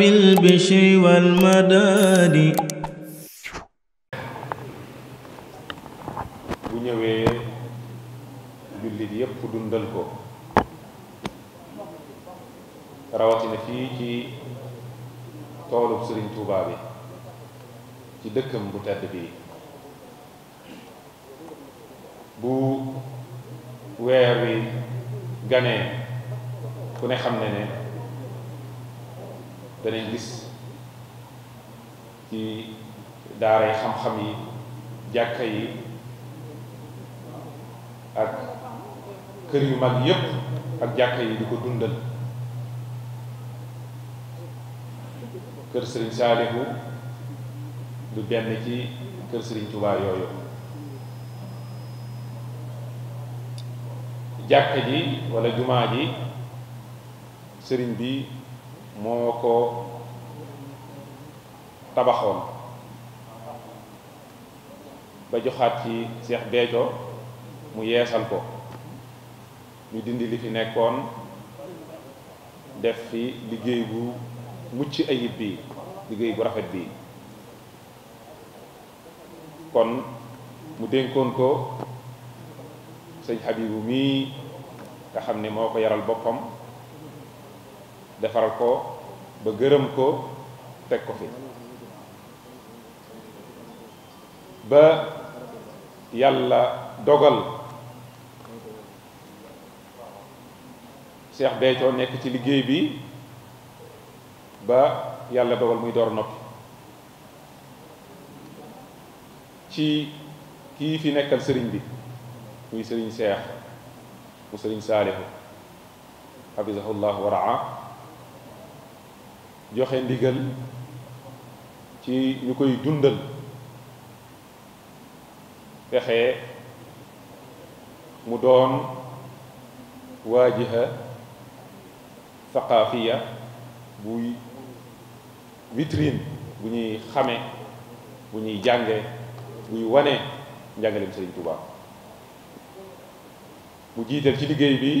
bu ñëwee jullit yépp dundal ko rawatina fii ci toolub Sëriñ Tuubaa bi ci dëkkam bu tedd bi bu weer wi ganee ku ne xam ne ne danañ gis ci daara yi xam-xam yi jàkka yi ak kër yu mag yépp ak jàkka yi di ko dundal kër sëriñ Saalihu du benn ci kër sëriñ Tuubaa yooyu jàkka ji walla jumaa ji sëriñ bi moo ko tabaxoon ba joxaat ci Seex Beejo mu yeesal ko ñu dindi li fi nekkoon def fi liggéey bu mucc ayib bi liggéey bu rafet bi kon mu dénkoon ko sëñ Habibu mii nga xam ne moo ko yaral boppam defaral ko ba gërëm ko teg ko fi ba yàlla dogal Cheikh Béthio nekk ci liggéey bi ba yàlla dogal muy door noppi ci kii fi nekkal sëriñ bi muy sëriñ seex mu sëriñ Saalihu xafisahullahu waraa joxe ndigal ci ñu koy dundal fexe mu doon waajiha saqaafiya buy vitrine bu ñuy xame bu ñuy jànge buy wane njàngaleem Sëriñ Tuubaa mu jiital ci liggéey bi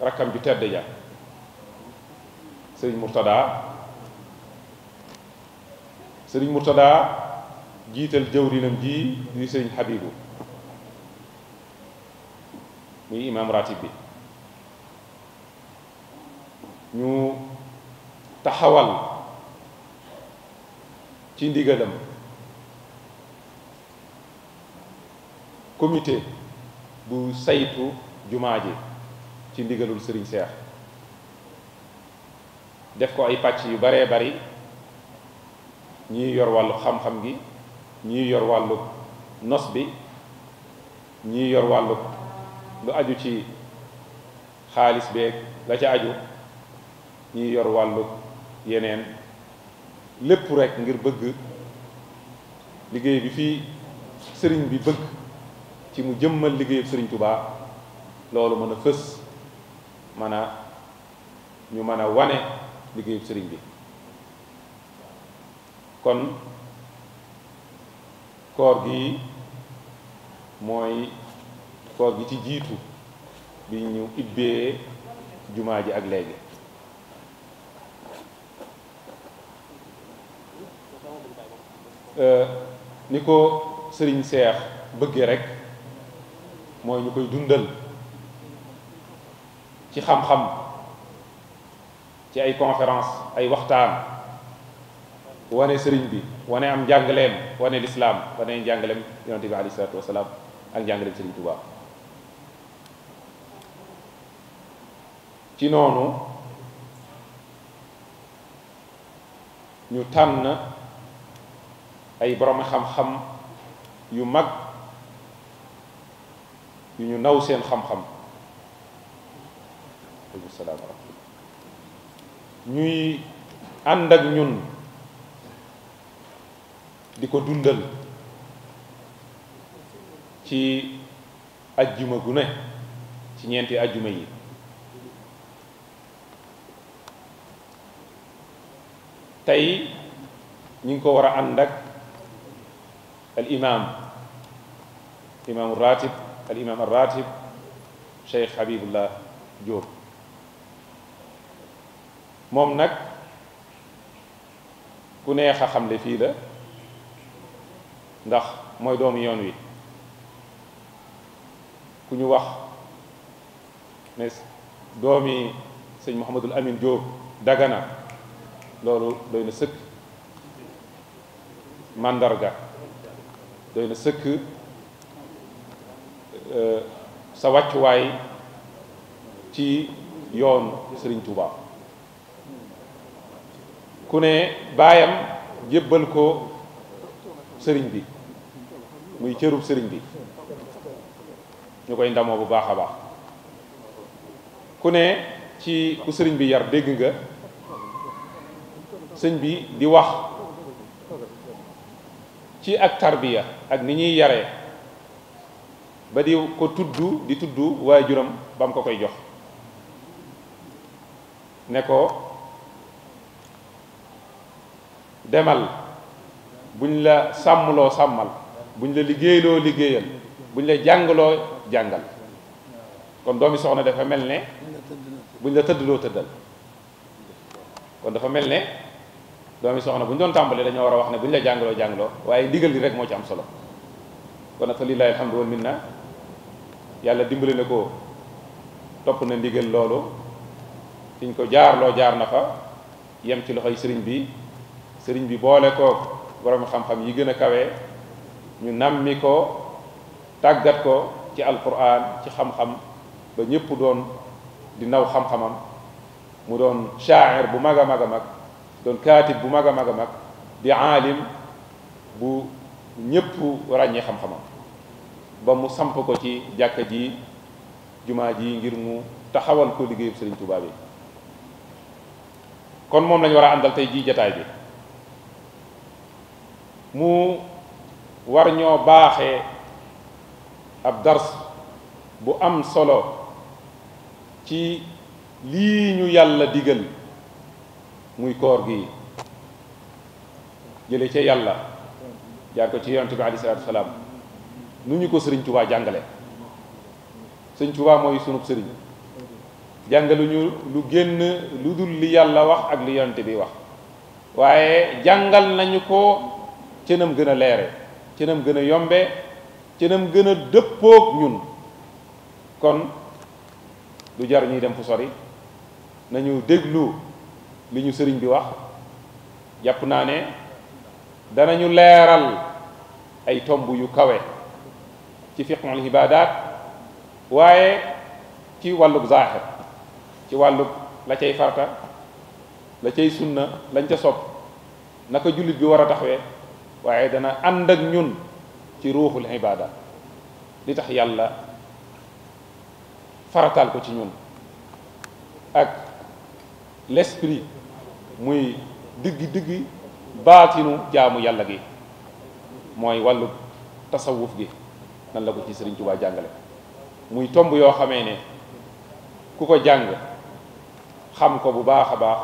rakkam ju tedd ja Sëriñ Murtadaa sëriñ Murtadaa jiital jëw jëwrinam ji di sëriñ Habibu muy imaam ratib bi ñu taxawal ci ndigalam comité bu saytu jumaa ji ci ndigalul sëriñ Seex def ko ay pàcc yu baree bari ñii yor wàllu xam-xam gi ñii yor wàllu nos bi ñii yor wàllu lu aju ci xaalis beeg la ca aju ñii yor wàllu yeneen lépp rekk ngir bëgg liggéey bi fii sëriñ bi bëgg ci mu jëmmal liggéeyu sëriñ Tuubaa loolu mën a fës mën a ñu mën a wane liggéeyu sëriñ bi kon koor gi mooy koor gi ci jiitu bi ñu ibbee jumaa ji ak léegi euh, ni ko sëriñ seex bëgge rek mooy ñu koy dundal ci xam-xam ci ay conférence ay waxtaan wane sëriñ bi wane am njàngaleem wane lislaam wane njàngaleem yonente bi aleyhi salaatu ak njàngaleem sëriñ Tuubaa ci noonu ñu tànn ay borom xam-xam yu mag yu ñu naw seen xam-xam aleykum salaam wa ñuy ànd ak ñun di ko dundal ci ajjuma gu ne ci ñeenti ajjuma yi tey ñu ngi ko war a ànd ak al imam imaamu ratib al imam al ratib Cheikh Habibullah Diop moom nag ku neex a xamle fii la ndax mooy doomu yoon wi ku ñu wax ne doomi sëñ Mouhamadul Amin Diop Dagana loolu doy na sëkk màndarga doy na sëkk sa wàccuwaay ci yoon Sëriñ Tuuba ku ne baayam jébbal ko sëriñ bi muy cërub sëriñ bi ñu koy ndamoo bu baax a baax ku ne ci ku sëriñ bi yar dégg nga sëñ bi di wax ci ak tarbiya ak ni ñuy yare ba di ko tudd di tudd waajuram ba mu ko koy jox ne ko demal buñ la sàmmloo sàmmal bu buñ la liggéeyloo liggéeyal buñ la jàngaloo jàngal kon doomi soxna dafa mel ne buñ la tëddloo tëddal kon dafa mel ne doomi soxna bu ñu doon tàmbalee dañoo war a wax ne bu ñu la jàngaloo jàngaloo waaye digal li rek moo ci am solo kon nag fa lillahi alhamdu wal minna yàlla dimbali na ko topp na ndigal loolu fiñ ko jaarloo jaar na fa yem ci loxoy sëriñ bi sëriñ bi boole ko borom xam-xam yi gën a kawe. ñu nammi ko tàggat ko ci alquran ci xam-xam ba ñëpp doon di naw xam-xamam mu doon shaair bu mag a mag a mag doon kaatib bu mag a mag a mag di aalim bu ñëpp ràññee xam-xamam ba mu samp ko ci jàkka ji jumaa ji ngir mu taxawal ko liggéeyub Sëriñ Tuubaa bi kon moom lañu war a àndal tey ji jataay bi war ñoo baaxee ab dars bu am solo ci lii ñu yàlla digal muy koor gi jële ca yàlla jaar ko ci yonent bi alayhi salaatu salaam nu ñu ko sëriñ Tuubaa jàngale sëriñ Tuubaa mooy sunub sëriñ jàngaluñu lu génn lu dul li yàlla wax ak li yonent bi wax waaye jàngal nañu ko cënam gën a leere ci nam gën a yombee ci gën a dëppoog ñun kon lu jar ñuy dem fu sori nañu déglu li ñu sëriñ bi wax jàpp naa ne danañu leeral ay tomb yu kawe ci fiqhul ibaadaat waaye ci wàllug zaaxir ci wàllug la cay farta la cay sunna lañ ca sob naka jullit bi war a taxawee waaye dana ànd ak ñun ci ruuxul ibaada li tax yàlla farataal ko ci ñun ak l'esprit muy diggi diggi baatinu jaamu yàlla gi mooy wàllu tasawuf gi nan la ko ci Sëriñ Tuubaa jàngale muy tomb yoo xamee ne ku ko jàng xam ko bu baax a baax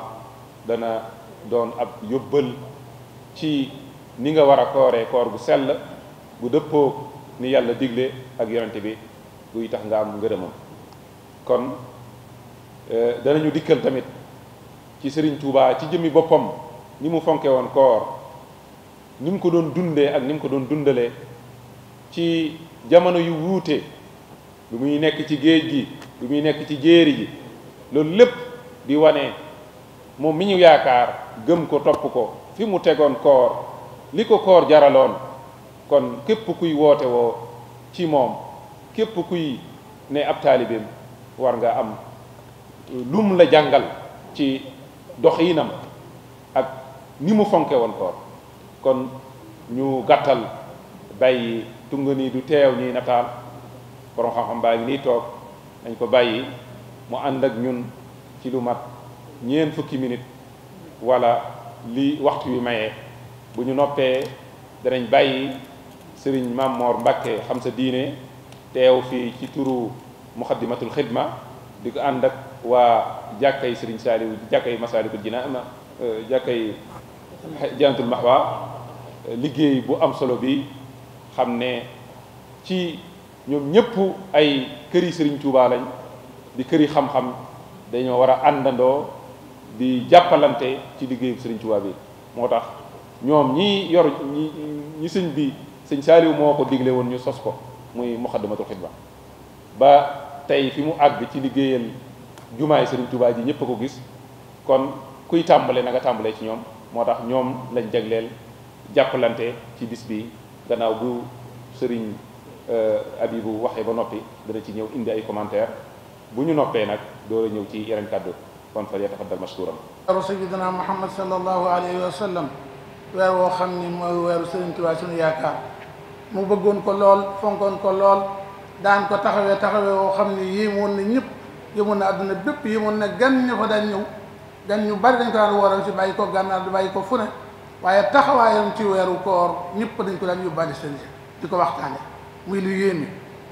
dana doon ab yóbbal ci ni nga war a kooree koor gu sell gu dëppoo ni yàlla digle ak yonente bi guy tax nga am ngërëmam kon euh, danañu dikkal tamit ci sëriñ tuubaa ci jëmmi boppam ni mu fonke woon koor ni mu ko doon dundee ak ni mu ko doon dundalee ci jamono yu wuute lu muy nekk ci géej gi lu muy nekk ci jéeri ji loolu lépp di wane moom mi ñu yaakaar gëm ko topp ko fi mu tegoon koor li ko koor jaraloon kon képp kuy woote woo ci moom képp kuy ne ab taalibeem war nga am euh, lum la jàngal ci doxinam ak ni mu fonke woon koor kon ñu gàttal bàyyi tunga nii du teew ñuy nataal borom xam-xam baa ngi nii toog dañ ko bàyyi mu ànd ak ñun ci lu mat ñeent fukki minute wala li waxtu yu maye bu ñu noppee danañ bàyyi sëriñ Maam Mor xam sa diine teew fii ci turu muxaddimatul xidma di ko ànd ak waa jàkkay sëriñ Saaliw jàkkay Masaalikul Jinaan euh, jàkkay Jannatul Mahwa liggéey bu am solo bi xam ne ci ñoom ñëpp ay këri sëriñ Tuubaa lañ di këri xam-xam dañoo war a àndandoo di jàppalante ci liggéey bu sëriñ Tuubaa moo tax ñoom ñi yor ñi sëñ bi sëñ saaliw moo ko digle woon ñu sos ko muy muxaddamatul xidma ba tey fi mu àgg ci liggéeyal jumaay sëriñ Tuubaa ji ñëpp a ko gis kon kuy tàmbale nag a tàmbalee ci ñoom moo tax ñoom lañ jagleel jàppalante ci bis bi gannaaw bu sëriñ euh, Abibu waxee ba noppi dana ci ñëw indi ay commentaire bu ñu noppee nag doole ñëw ci yeneen kàddu kon fa yatafaddal mashkuram sayyidina Muhammad sallallahu alayhi wa sallam weer woo xam ni mooy weeru Sëriñ Tuubaa suñu yaakaar mu bëggoon ko lool fonkoon ko lool daan ko taxawee taxawee woo xam ni yéemoon na ñëpp yéemoon na àdduna bépp yéemoon na gan ñu daan ñëw gan ñu bari dañ ko daan wooral si bàyyi ko gànnaar di bàyyi ko fu ne waaye taxawaayam ci weeru koor ñëpp dañ ko daan yóbbaale seen di ko waxtaane muy lu yéeme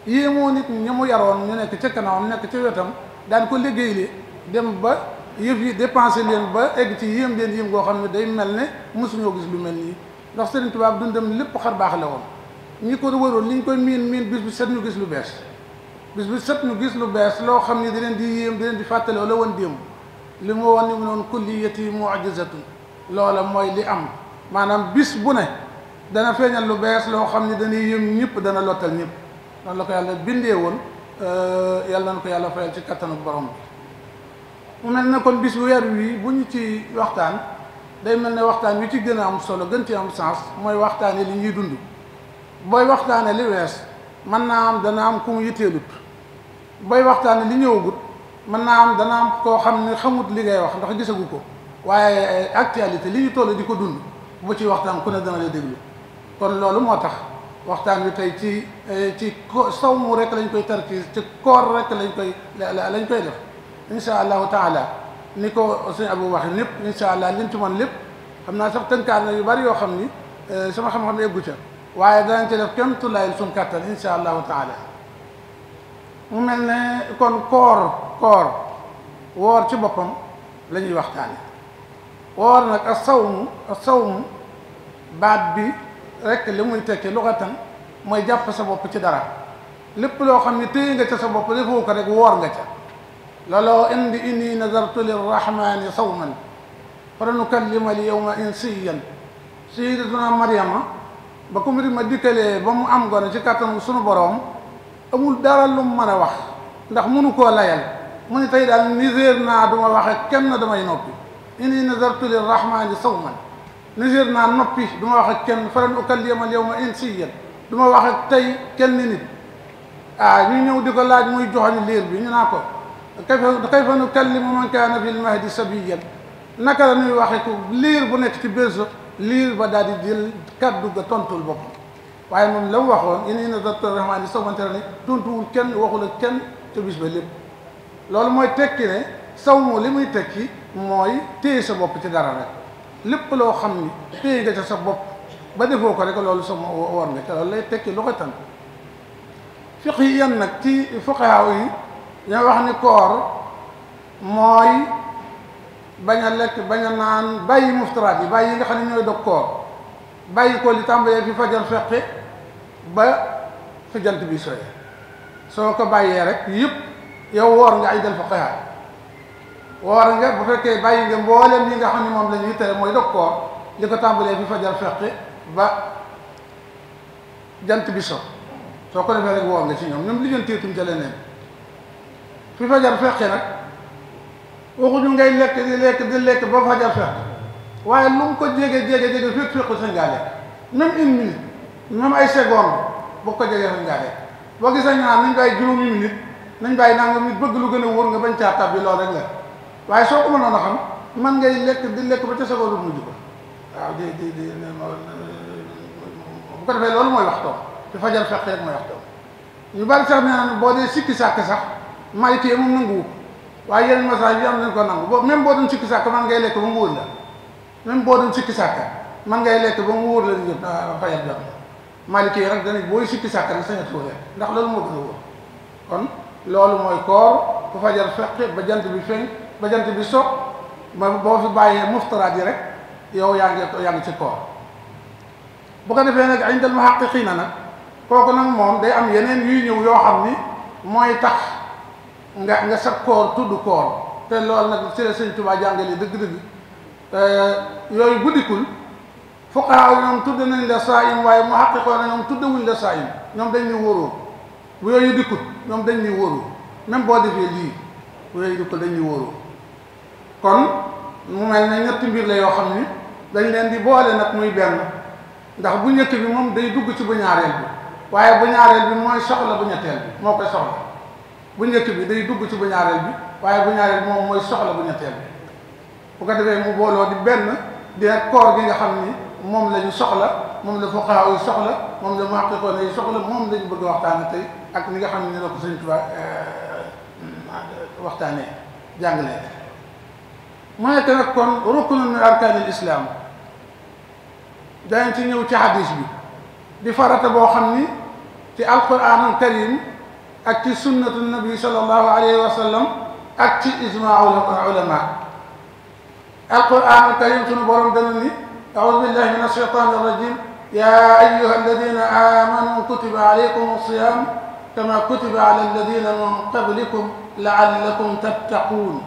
yéemoo nit ñi mu yaroon ñu nekk ca kanamam nekk ca wetam daan ko liggéey li dem ba yëf yi dépensé leen ba egg ci yéem leen yéem goo xam ne day mel ne mosuñoo gis lu mel nii ndox ndax Serigne Touba dundam lépp xar baax la woon ñi ko wëroon li ñu koy miin miin bis bi set ñu gis lu bees bis bu set ñu gis lu bees loo xam ne di leen di yéem di leen di fàttale wala woon démb li mu woon ni mu noon kulliyati mu'jizatun loola mooy li am maanaam bis bu ne dana feeñal lu bees loo xam ne dañuy yéem ñëpp dana lottal ñëpp noonu la ko yàlla bindee woon euh, yàlla na ko yàlla fayal ci kattanu borom bi mu mel ne kon bis weer wii bu ñu ci waxtaan day mel ne waxtaan wi ci gën a am solo gën ci am sens mooy waxtaan waxtaane li ñuy dund booy waxtaane li wees mën naa am dana am ku mu yitteelut booy waxtaane li ñëwagut mën naa am dana am koo xam ne xamut li ngay wax ndax gisagu ko waaye eh, actualité li ñu toll di ko dund boo ci waxtaan ku ne dana déglu kon loolu moo tax waxtaan wi tey ci eh, ci saw mu rek lañ koy tarkiis ci koor rek lañ koy lañ koy def incha allahu taala ni ko suñu abu waxe ñëpp incha allah liñ ci mën lépp xam naa sax tënkaat na yu bari yoo xam ni e, sama xam-xam eggu ca waaye danañ ci def kem tulayil suñ kàttan incha allahu taala mu mel ne kon koor koor woor ci boppam la ñuy waxtaane woor nag a sawmu a sawmu baat bi rek li muy tekki lugatan mooy jàpp sa bopp ci dara lépp loo xam ne téye nga ca sa bopp defoo ko rek woor nga ca للو إن إني نذرت للرحمن صوما فلنكلم اليوم إنسيا سيدتنا مريم ba ko mbir ma dikkalee ba mu am gone ci kàttanu sunu boroom amul dara lu mu mën a wax ndax munu koo layal mu ne tey daal niséer naa duma waxe kenn damay noppi inni nazartu lirrahmani sawman niséer naa noppi duma waxe kenn falan ukallima alyawma insiyan duma waxe tey kenn nit ah ñu ñëw di ko laaj muy joxoñ liir bi ñu naa ko kayfa kayfa nukallimu man kaana fi lmahdi sabiyan naka la ñuy waxee ku liir bu nekk ci berceau liir ba daal di jël kaddu ga tontul boppam waaye moom la mu waxoon in inna docteur rahmaani sawmantera ni tontuwul kenn waxul ak kenn te bis ba lépp loolu mooy tekki ne saw moo li muy tekki mooy téye sa bopp ci dara rek lépp loo xam ni téye nga ca sa bopp ba defoo ko rek loolu sama war nga te loolu lay tekki lu ko tan fiq yi yan nag ci fuqahaa yi ñoo wax ni koor mooy bañ a lekk bañ a naan bàyyi muftaraat yi bàyyi yi nga xam ne ñooy dog koor bàyyi ko li tàmbalee fi fajar feqe ba fi jant bi soye ko bàyyee rek yëpp yow woor nga ay dal fuqaha woor nga bu fekkee bàyyi nga mboolem yi nga xam ne moom la ñuy tere mooy dog koor li ko tàmbalee fi fajar feqe ba bi so soo ko defee rek woor nga ci ñoom ñoom li ngeen téetum ca leneen fi fajar fexe nag waxuñu ngay lekk di lekk di lekk ba fajar fexe waaye lu mu ko jege jege jege fépp fépp sañ ngaa lekk même une minute même ay seconde boo ko jegee sañ ngaa boo gisee ñu naan nañ bàyyi juróomi minute nañ bàyyi nangam nit bëgg lu gën a wóor nga bañ caa tab bi loolu rek la waaye soo ko mënoon a xam man ngay lekk di lekk ba ca seconde bu mujj ko waaw di di di bu ko defee loolu mooy waxtoom fi fajar fexe mooy waxtoom ñu bari sax nee na boo dee sikki sàkk sax malite moom nanguwu waaye yeneen masaaj yi am nañ ko nangu bo même boo doon sikki sàkk man ngay lekk ba mu wóor la même boo doon sikki man ngay lekk ba mu wóor la di jot fayat yi nag dana booy sikki sàkk rek sañat koo lekk loolu moo gën a kon loolu mooy koor bu fajar feqe ba jant bi ba jant bi so ma boo fi bàyyee muftaraat yi rek yow yaa ngi yaa ngi ci koor bu ko defee nag indal muhaqqiqiina nag kooku nag moom day am yeneen yuy ñëw yoo xam ni mooy tax nga nga sag koor tudd koor te lool nag ci sëñ Tuubaa jàngale dëgg-dëgg yooyu bu dikkul fuqahaa ñoom tudd nañ la saayim waaye mu xaqiqoo na ñoom tuddewuñ la saayim ñoom dañ ñu wóoroo bu yooyu dikkut ñoom dañ ñu wóoroo même boo defee lii bu yooyu dikkul dañ ñu wóoroo kon mu mel ne ñetti mbir la yoo xam ni dañ leen di boole nag muy benn ndax bu ñëkk bi moom day dugg ci bu ñaareel bi waaye bu ñaareel bi mooy soxla bu bi moo koy soxla bu njëkk bi day dugg ci bu ñaareel bi waaye bu ñaareel bi moom mooy soxla bu ñetteel bi bu ko defee mu booloo di benn di koor gi nga xam ni moom la soxla moom la fuqahaa yi soxla moom la muhaqqiqoon yi soxla moom lañu bëgg waxtaane tey ak ni nga xam ne la ko Sëñ Tuubaa euh, waxtaanee jàngalee mu nekk nag kon ruknun min arkaanil islaam ci ñëw ci hadis bi di farata boo xam ni ci alquraanul karim ak ci sunnatu nabi sallallahu alayhi wa sallam ak ci ijmaul ulama alquran karim sunu borom dana ni audu billahi min alsheitan irrajim ya ayuha alladina amanu kutiba alaykum alsiyam kama kutiba ala alladina min qablikum laallakum tattaquun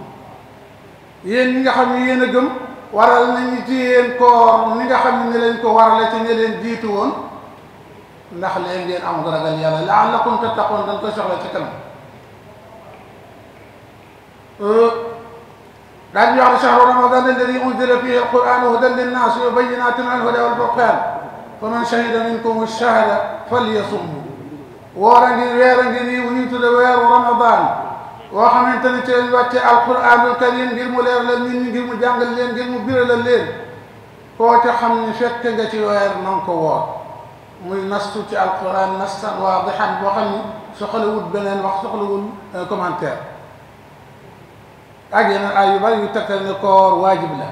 yéen ñi nga xam ne yéen a gëm waral nañu ci yéen koor ni nga xam ne ni leen ko warale ci ñi leen jiitu woon ndax leen ngeen am ragal yàlla laallakum tattaqoon dañ ko soxla ci kanam euh, daal di wax ne shahru ramadan alladi unzila fihi alquran hudan linnaas wa bayinatin min alhuda walfurqan fa man shahida minkum ash-shahra falyasumhu woor a ngi weer a ngi nii wu ñu tudde weeru ramadan woo xamante ni ci lañ wàcce alquranul karim ngir mu leer la nit ñi ngir mu jàngal leen ngir mu biralal leen koo ca xam ne fekk nga ci weer na nga ko woor muy nastu ci alquran nastan waadixan boo xam ni soxlawul beneen wax soxlawul euh, commentaire ak yeneen ay yu bari yu tegtal ne koor waajib la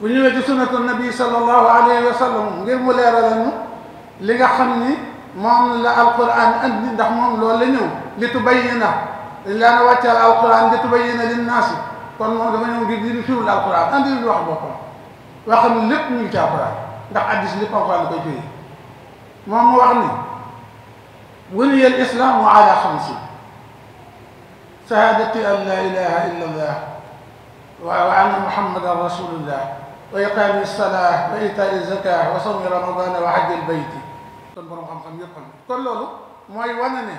bu ñëwee ci sunnatu nabi sallallahu alayhi wa sallam ngir mu leeralal ñu li nga xam ni moom la alquran andi ndax moom loolu la ñëw li tubayyina dañ laan wàccal alquran li tubayyina linnaasi kon moom dafa ñëw ngir di fiwul alquran andi lu wax boppam waxam lépp ñu ngi ci alquran ndax addis li alquran koy firi moom mu wax ni buniya al islaamu ala xamsin shahadati an laa ilaha illa allah wa anna muhammadan rasulullah wa iqaami salaah wa itaai zaka wa sawmi ramadana wa hajji al bayti kon borom xam-xam yëpp xam kon loolu mooy wane ne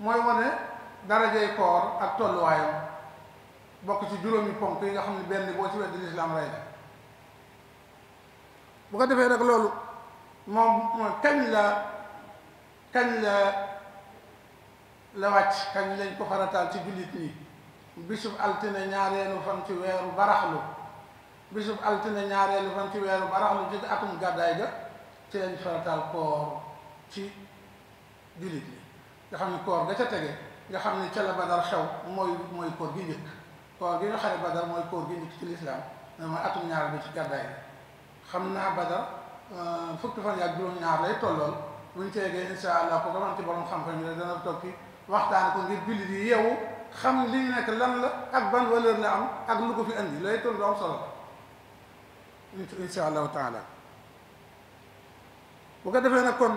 mooy wane darajay koor ak tolluwaayam bokk ci juróomi ponk yi nga xam ne benn boo ci wedd lislaam rey la bu ko defee nag loolu moom kañ la kañ la la wàcc kañ lañ ko farataal ci jullit ñi bisub altine ñaareelu fan ci weeru baraxlu bisub altine ñaareelu fan ci weeru baraxlu ci atum gàddaay ga ci lañ farataal koor ci jullit ñi nga xam ne koor ga ca tege nga xam ne ca la badar xew mooy mooy koor gi njëkk koor gi ñu xare badar mooy koor gi njëkk ci lislaam mooy atum ñaar bi ci gàddaay ga xam naa badar Euh, fukki fan yaag juróom-ñaar lay tolloon buñ ci yeggee incha allah ko ko ci borom xam-xam yi dana tokki waxtaan ko ngir jullit yi yeewu xam li ñu nekk lan la ak ban valeur la am ak lu ko fi andi lay toll lu am solo incha allahu taala ko defee nag kon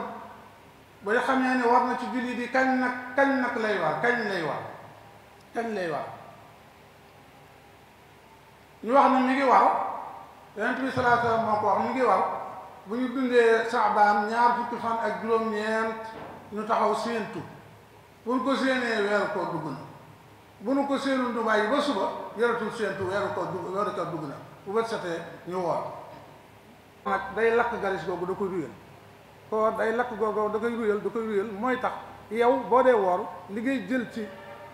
ba nga xamee ne war na ci jullit yi kañ kañ nag lay waar kañ lay waar lay waar wax ne mi ngi waaw yonent bi sallallahu alayhi wa sallam wax mi ngi waaw bu ñu dundee saabaan ñaar fukki fan ak juróom-ñeent ñu taxaw séentu bu ñu ko séenee weeru koor dugg na bu ñu ko séenu du bàyyi ba suba yaratul séentu weeru koor dugg dugg na bu bët setee ñu woor nag day lakk garis googu da ko ruyal koor day lakk googu da koy ruyal da koy ruyal mooy tax yow boo dee woor li ngay jël ci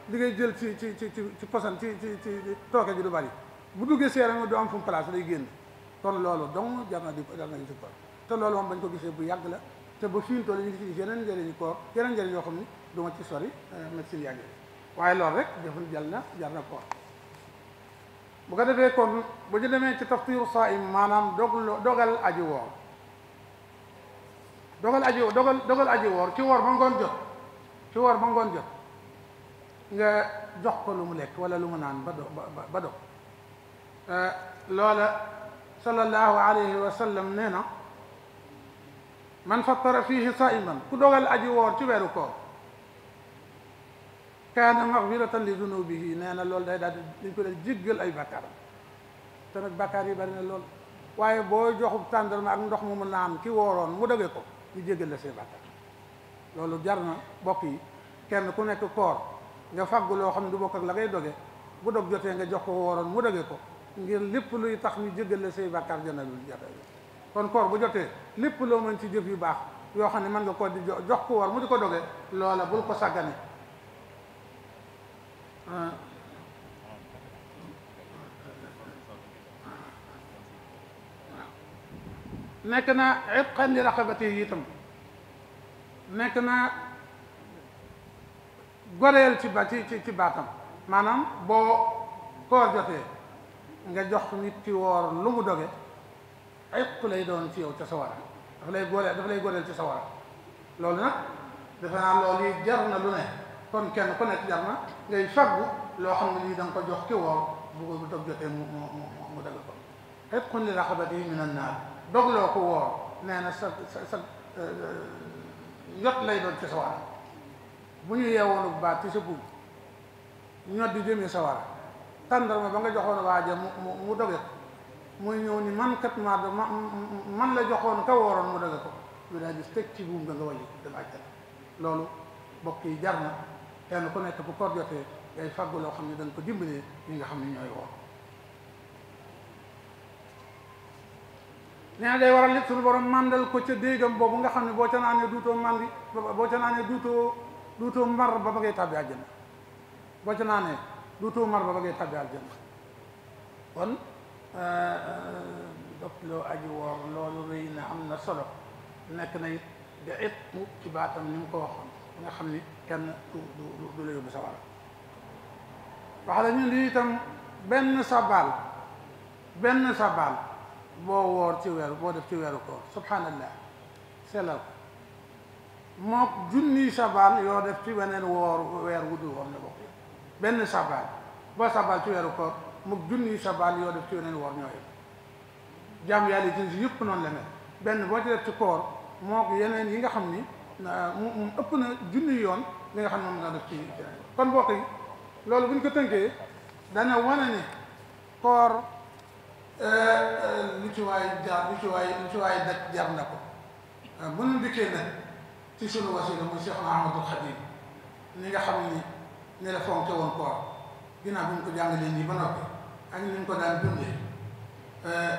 li ngay jël ci ci ci ci posan ci ci ci ji du bari bu duggee seere nga du am fu mu place génn kon loolu dong jar na di jar na te loolu moom bañ ko gisee bu yàgg la te ba fii toll ñu ngi ci yeneen njëriñu koor yeneen njëriñ yoo xam ni du ci sori euh, médecine yaa ngi waaye loolu rek jëful jal na jal na koor bu ko defee kon bu ñu demee ci taftiru saim maanaam dogloo dogal aji woor dogal aji dogal dogal aji woor ci woor ba ngoon jot ci woor ba ngoon jot nga jox ko lu mu lekk wala lu mu naan ba do ba dog euh, loola sallallahu alayhi wa sallam nee na man fa fattara fiihi saiman ku dogal aji woor ci weeru koor kaana maxfiratan li dunubihi nee na loolu day daal di dañ ko daal jéggal ay bàkkaaram te nag bàkkaar yi bari na lool waaye boo joxub tàndarma ak ndox mu mu naan ki wooroon mu dogee ko ñu jéggal la say bàkkaar loolu jar na bokk yi kenn ku nekk koor nga faggu loo xam ne du bokk ak la ngay doge bu dog jotee nga jox ko wooroon mu doge ko ngir lépp luy tax ñu jéggal la say bàkkaar jëna lu jata kon koor bu jotee lépp loo mën ci jëf yu baax yoo xam ne mën nga ko di jox ko war mu di ko doge loola bul ko sàggane ah. nekk na itqan li raqabati yi itam nekk na goreel ci ci baatam maanaam boo koor jotee nga jox nit ki woor lu mu doge ay xut lay doon ci yow ca sawara dafa lay góole dafa lay góoleel ci sawara loolu nag dafa naa loolu yi jar na lu ne kon kenn ku nekk jar na ngay faggu loo xam ne lii danga ko jox ki woor bu dog jotee mu mu mu dagg ko itqun li raqabati minan naar dogloo ko woor nee na sa sa sa euh, lay doon ci sawara bu ñu yeewoonu baat ci sa guub ñot di jëmee sawara tàndarma ba nga joxoon waaja mu mu mu doge mooy ñëw ni man kat maa man la joxoon kaw wooroon mu daga ko ñu daal di teg ci buum nga nga wàññi dem loolu bokk yi jar na kenn ku nekk bu koor jotee ngay fàggu loo xam ne danga ko dimbalee ñi nga xam ne ñooy woor nee na day waral it suñu borom màndal ko ca déegam boobu nga xam ne boo ca naanee duutoo màndi boo ca naanee duutoo duutoo mar ba ba ngay tàbbi àjjana boo ca naanee duutoo mar ba ba tàbbi àjjana kon Euh, euh, dog loo aji woor loolu rëy na am na solo nekk na it da it mu ci ni mu ko waxoon nga xam ni kenn du du la yóbbu sa wax la ñu lii itam benn sabal benn sabal boo woor ci weeru boo def ci weeru koor subhanallah sellal ko moo junniy sabal yoo def ci weneen woor weer wu dul woon ne bokk benn sabal boo sabal ci weeru koor mu junniy sabaal yoo def ci yeneen woor ñooy jaamu yàlla jinsi yëpp noonu la benn boo ci def ci koor moo ko yeneen yi nga xam ni mu ëpp na junniy yoon li nga xam ne moom la def ci kon mbokk yi loolu bu ñu ko tënkee dana wane ni koor euh, euh, lu ci waay jaar lu ci waay daj jar ko euh, bu ñu dikkee nag ci sunu wasila muy Cheikh Ahmadul Khadim ni nga xam ni ne fonke woon koor ginnaaw bi ñu ko jàngalee nii ba noppi ak ñu ko daan dundee eh,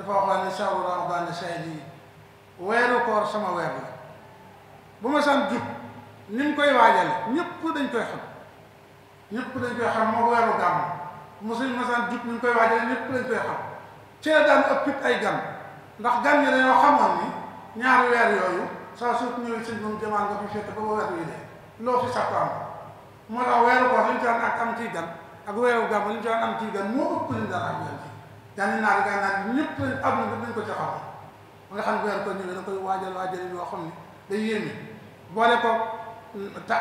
dafa waxoon ne shahru ramadaan shahri weeru koor sama weer la bu ma san jub ni mu koy waajale ñëpp dañ koy xam ñëpp dañ koy xam moo weeru gàmm mosuñ ma san ni mu koy waajale ñëpp dañ koy xam ci la daan ëppit ay gan ndax gan ñi dañoo xamoon ni ñaari weer yooyu saa suuf ñëwee sëñ moom jamaan nga fi fekk ba ba weer wi dee loo fi sax am moo tax weeru koor liñ ci am ak am ciy gan ak weeru gàmmu li ñu doon am ci gan moo ëpp naa di naan ñëpp ko ci xam ba nga xam ne weer yoo xam ne day yéeme boole ko mm, ta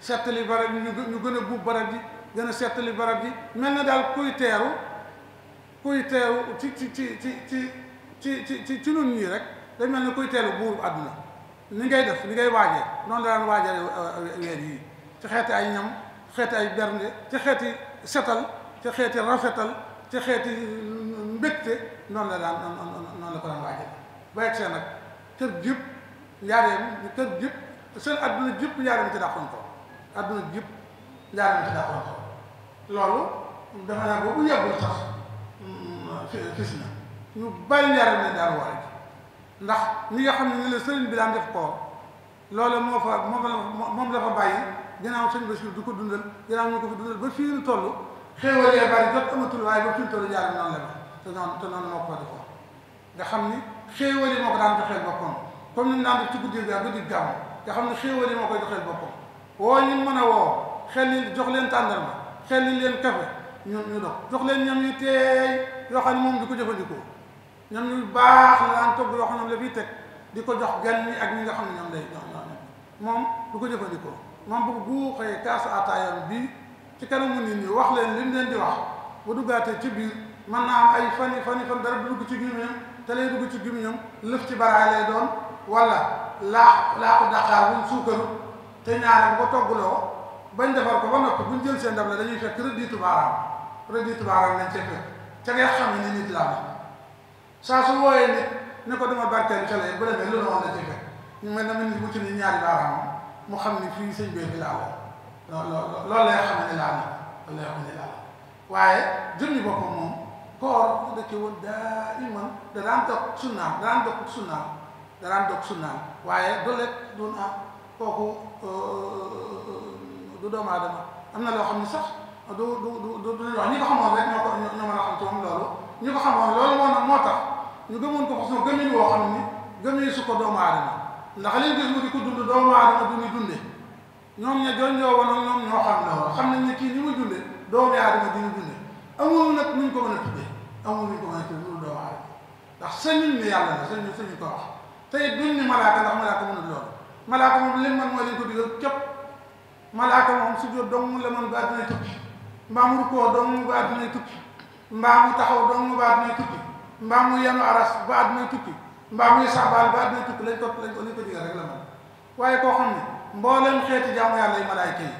seetali barab yi ñu gën a buub barab yi gën a seetali barab yi mel na daal kuy teeru kuy teeru ci ci ci ci ci ci ci ci ci nun ñii rek day mel ne kuy teeru buur àdduna ni ngay def ni ngay waajee noonu la daan waajal euh, euh, weer yii ci xeeti ay ñam. xeeti ay bernde ci xeeti setal ca xeeti rafetal ci xeeti mm, mbégte noonu la daan noonu la ko daan waaje ba egg see nag kër jëpp njaareem kër jëpp seen adduna jëpp njaareem ci dàqoon ko ko loolu dafa naa boobu yàggul sax mm, fis na ñu bàyyi njaareem ne daan woore ndax ñi nga xam ne ni la sëriñ bi daan def ko loolu moo fa moom moom la fa bàyyi ginnaaw sëñ Bachir du ko dundal ginnaaw ñu ko fi dundal ba fii ñu toll xéewal yee bari jot amatul waaye ba fii ñu toll yàlla noonu la te noonu noonu ko defoon nga xam ni xéewal yi moo ko daan joxeel boppam comme ni ci guddi gaa guddi koy joxeel boppam woo ñu mën a woo xel li jox leen tàndarma xel li leen kafe ñu ñu dox jox leen ñam yu teey yoo xam ne moom di ko jëfandikoo ñam yu baax la daan togg yoo xam ne la fiy teg di ko jox gan ñi ak ñi nga xam ne ñoom lay jox moom du ko jëfandikoo moom bëgg bu xëyee kaasu ataayam bii ci kanamu nit ñi wax leen lim leen di wax bu duggaatee ci biir man naa am ay fan fani fan dara dugg ci gémmiñam te lay dugg ci gémmiñam lëf ci baraay lay doon wala laax laaxu daqaar buñ suukaru te ñaare bu ko togguloo bañ defar ko ba noppi buñ jël seen ndab la dañuy fekk rëddiitu baaraam rëddiitu baaraam lañ cee fekk ca ngay xam ne nit laa mel saa su wooyee nit ne ko dama barkeel xale bu demee loolu woon la ci ñu mel ne nit ci ni ñaari mu xam ni fii sëñ bi laa woo loolu loolu lay xam ne laa moom loolu lay xam ne laa moom waaye junni boppam moom koor bu dëkkee woon daa iman da daan toog sunnaam da daan toog sunnaam da daan toog sunnaam waaye du lekk du naan kooku euh, euh, du doomu aadama am na loo xam ne sax du du du du wax ñi ko xamoon rek ñoo ko ñoo mën a xam ci moom loolu ñi ko xamoon loolu moo moo tax ñu gëmoon ko façon gëmin woo xam ni gëmin su ko doomu aadama ndax liñ gis mu di ko dund doomu aadama du ñu dunde ñoom ña jonjoo woon ak ñoom ñoo xam ne woon xam nañ ne kii ni muy dunde doomu aadama du ñu dunde amul nag nuñ ko mën a tuddee amul nuñ ko mën a tuddee loolu doomu aadama ndax ko wax tey dong la man ba tukki mbaa mu rukkoo dong mu taxaw dong ba tukki mbaa mu yenu aras ba àddina tukki mbaa muy saxbaal ba àddina tukki lañ ko lañ ko digal rek la man waaye koo xam ne mbooleem xeeti jaamu yàlla yi malaayka yi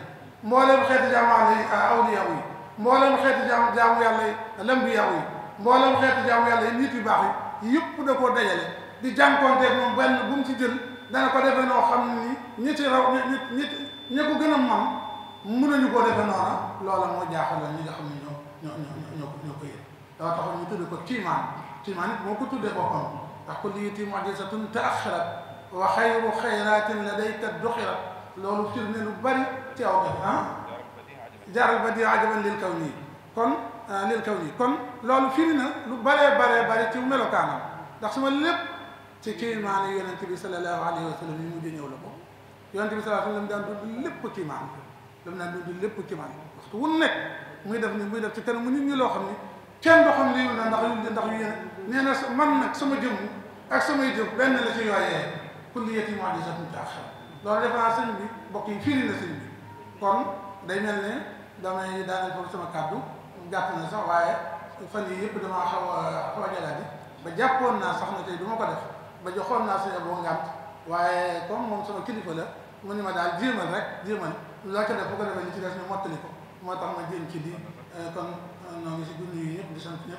mbooleem xeeti jaamu yàlla yi ah, awliya yi mbooleem xeeti jaamu jaamu yàlla yi lambiya yi mbooleem xeeti jaamu yàlla yi nit yu baax yi yëpp da koo dajale di jànkoonteeg moom benn bu mu ci jël dana ko defee noo xam ni ñi ci raw ñi ñi ñi ko gën a man mënuñu koo defee noona loola moo jaaxal la ñi nga xam ne ñoo ñoo ñoo ñoo ñoo ko yëg doo taxoon ñu tudd ko kiimaan kiimaan ko tuddee boppam ndax kulliyati mujizatun taaxirat wa xayru xayratin ladayka duxirat loolu firnde lu bari ci aw bi ah jaaral ba di ajaban lil kaw nii kon ah, lil kaw nii kon loolu firi na lu baree baree bari ci melokaanam ndax suma lépp ci kiimaani yonente bi salallahu alayhi wa sallam yi mujj ñëw la ko yonente bi salallahu alayhi wa sallam daan dund lépp kiimaan la mu daan dund lépp kiimaan waxtu wu nekk muy def ni muy def ci kanamu nit ñi loo xam ni kenn doo xam lii na ndax ndax yu yéen nee na man nag sama jëmm ak samay jëf benn la ci yooyee kulliyati mu'jizatun mutaaxir loolu defe naa bi mbokk yi firi na sëñ bi kon day mel ne damay daal foofu sama kàddu jàpp na sax waaye fan yii yëpp dama xaw a xaw a jalaati ba jàppoon naa sax na tey du ma ko def ba joxoon naa sëñ boo ngànt waaye comme moom sama kilifa la mu ni ma daal jéemal rek jéemal loo ca def bu ko defee li ci des ñu mottali ko moo tax ma jéem ci di eh, kon eh, noo ngi si guddi yi ñëpp di